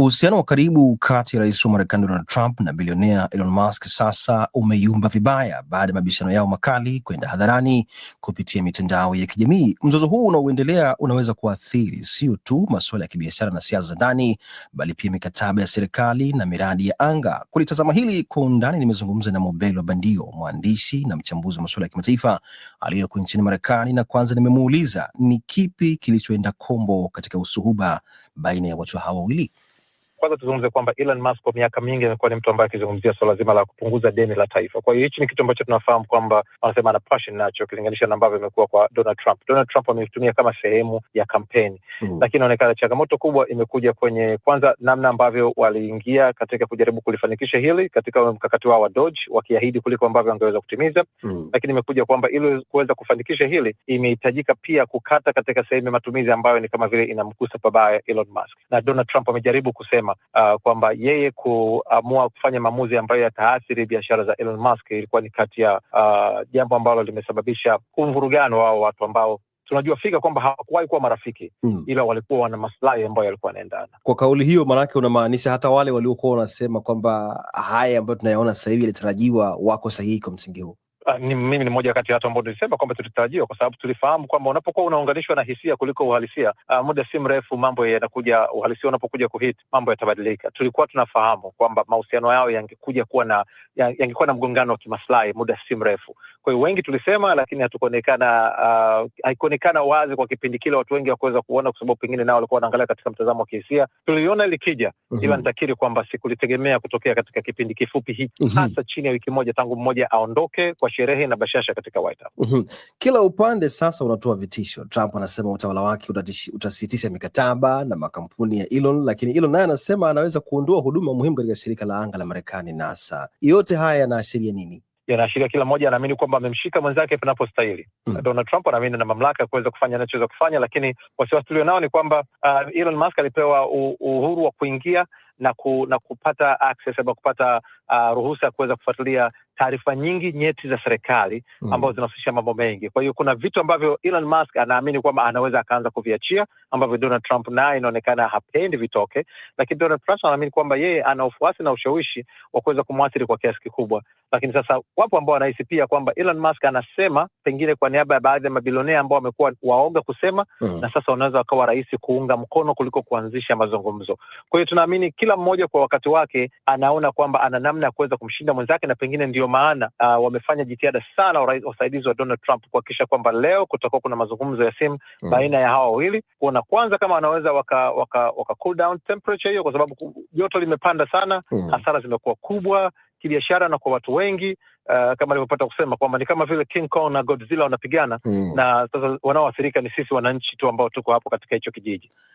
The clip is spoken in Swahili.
Uhusiano wa karibu kati ya rais wa Marekani Donald Trump na bilionea Elon Musk sasa umeyumba vibaya baada ya mabishano yao makali kwenda hadharani kupitia mitandao ya kijamii. Mzozo huu unaoendelea unaweza kuathiri sio tu masuala ya kibiashara na siasa za ndani, bali pia mikataba ya serikali na miradi ya anga. Kulitazama hili kwa undani, nimezungumza na wa Bandio, mwandishi na mchambuzi wa masuala ya kimataifa aliyoko nchini Marekani, na kwanza nimemuuliza ni kipi kilichoenda kombo katika usuhuba baina ya watu hawa wawili. Kwanza tuzungumze kwamba Elon Musk kwa miaka mingi amekuwa ni mtu ambaye akizungumzia swala so zima la kupunguza deni la taifa. Kwa hiyo hichi ni kitu ambacho tunafahamu kwamba wanasema ana passion nacho, ukilinganisha na ambavyo imekuwa kwa Donald Trump. Donald Trump ameitumia kama sehemu ya kampeni mm. Lakini inaonekana changamoto kubwa imekuja kwenye kwanza, namna ambavyo waliingia katika kujaribu kulifanikisha hili katika mkakati wao wa Doge, wakiahidi kuliko ambavyo wangeweza kutimiza mm. Lakini imekuja kwamba ili kuweza kufanikisha hili imehitajika pia kukata katika sehemu ya matumizi ambayo ni kama vile inamgusa pabaya Elon Musk, na Donald Trump amejaribu kusema kusema uh, kwamba yeye kuamua kufanya maamuzi ambayo yataathiri biashara za Elon Musk ilikuwa ni kati ya uh, jambo ambalo limesababisha umvurugano wao watu ambao tunajua fika kwamba hawakuwahi kuwa marafiki mm, ila walikuwa wana maslahi ambayo yalikuwa yanaendana. Kwa kauli hiyo, maanake unamaanisha hata wale waliokuwa wanasema kwamba haya ambayo tunayaona sasa hivi yalitarajiwa wako sahihi kwa msingi huo. Uh, ni, mimi ni mmoja kati ya watu ambao nilisema kwamba tulitarajiwa, kwa sababu tulifahamu kwamba unapokuwa unaunganishwa na hisia kuliko uhalisia, uh, muda si mrefu mambo yanakuja, uhalisia unapokuja kuhit mambo yatabadilika. Tulikuwa tunafahamu kwamba mahusiano yao yangekuja kuwa na yangekuwa na mgongano wa kimaslahi muda si mrefu. Kwa hiyo wengi tulisema, lakini hatukuonekana uh, haikuonekana wazi kwa kipindi kile watu wengi wakuweza kuona, kwa sababu pengine nao walikuwa wanaangalia katika mtazamo wa kihisia. Tuliona likija mm -hmm. ila nitakiri kwamba sikulitegemea kutokea katika kipindi kifupi hiki mm hasa chini ya wiki moja tangu mmoja aondoke kwa sherehe na bashasha katika White House mm -hmm. Kila upande sasa unatoa vitisho. Trump anasema utawala wake utasitisha mikataba na makampuni ya Elon, lakini Elon naye anasema anaweza kuondoa huduma muhimu katika shirika la anga la Marekani NASA. Yote haya yanaashiria nini? yanaashiria kila mmoja anaamini kwamba amemshika mwenzake panapostahili. Mm. Donald Trump anaamini na mamlaka ya kuweza kufanya anachoweza kufanya, lakini wasiwasi tulio nao ni kwamba uh, Elon Musk alipewa uhuru wa kuingia na, ku, na kupata access ama kupata uh, ruhusa ya kuweza kufuatilia taarifa nyingi nyeti za serikali mm. ambazo zinahusisha mambo mengi. Kwa hiyo kuna vitu ambavyo Elon Musk anaamini kwamba anaweza akaanza kuviachia ambavyo Donald Trump naye inaonekana hapendi vitoke, lakini Donald Trump anaamini kwamba yeye ana ufuasi na ushawishi wa kuweza kumwathiri kwa kiasi kikubwa. Lakini sasa wapo ambao wanahisi pia kwamba Elon Musk anasema pengine kwa niaba ya baadhi ya mabilionea ambao wamekuwa waoga kusema uh-huh. na sasa wanaweza wakawa rahisi kuunga mkono kuliko kuanzisha mazungumzo. Kwa hiyo tunaamini kila mmoja kwa wakati wake anaona kwamba ana namna ya kuweza kumshinda mwenzake na pengine ndio maana uh, wamefanya jitihada sana wasaidizi wa Donald Trump kuhakikisha kwamba leo kutakuwa kuna mazungumzo ya simu mm. baina ya hawa wawili kuona kwanza kama wanaweza waka, waka, waka cool down temperature hiyo, kwa sababu joto limepanda sana mm. hasara zimekuwa kubwa kibiashara na kwa watu wengi uh, kama alivyopata kusema kwamba ni kama vile King Kong na Godzilla wanapigana mm. na sasa wanaoathirika ni sisi wananchi tu ambao tuko hapo katika hicho kijiji.